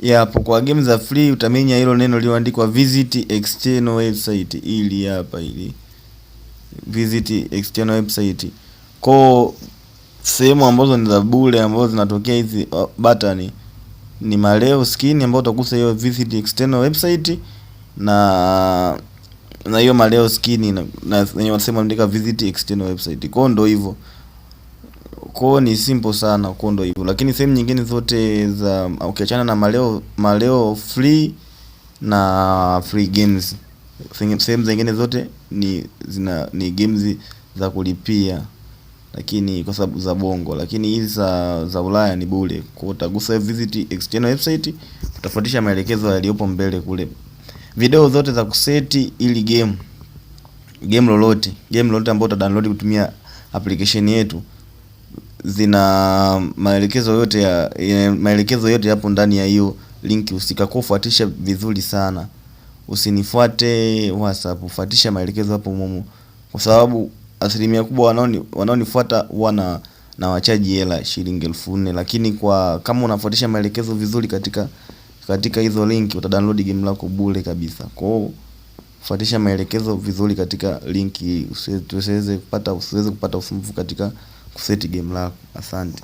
Yapo kwa game za free utamenya hilo neno lililoandikwa visit external website, ili hapa ili visit external website Kwa sehemu ambazo ni za bure ambazo zinatokea hizi uh, button ni maleo skin ambayo utagusa hiyo visit external website na na hiyo maleo skin na, na, na, na na, na, visit external website kwao, ndo hivyo kwao ni simple sana kwa ndo hivyo. Lakini sehemu nyingine zote za ukiachana okay, na maleo maleo free na free games. Sehemu zingine zote ni zina ni games za kulipia. Lakini kwa sababu za bongo, lakini hizi za za Ulaya ni bure. Kwa utagusa visit external website, utafuatisha maelekezo yaliyopo mbele kule. Video zote za kuseti ili game game lolote game lolote ambayo utadownload kutumia application yetu zina maelekezo yote ya, maelekezo yote yapo ndani ya hiyo linki. Usikakufuatisha vizuri sana, usinifuate WhatsApp, ufuatisha maelekezo hapo momo, kwa sababu asilimia kubwa wanaoni wanaonifuata huwa na na wachaji hela shilingi elfu nne lakini kwa kama unafuatisha maelekezo vizuri katika katika hizo link utadownload game lako bure kabisa. Kwa hiyo fuatisha maelekezo vizuri katika linki, usiweze kupata usiweze kupata usumbufu katika kuseti game lako. Asante.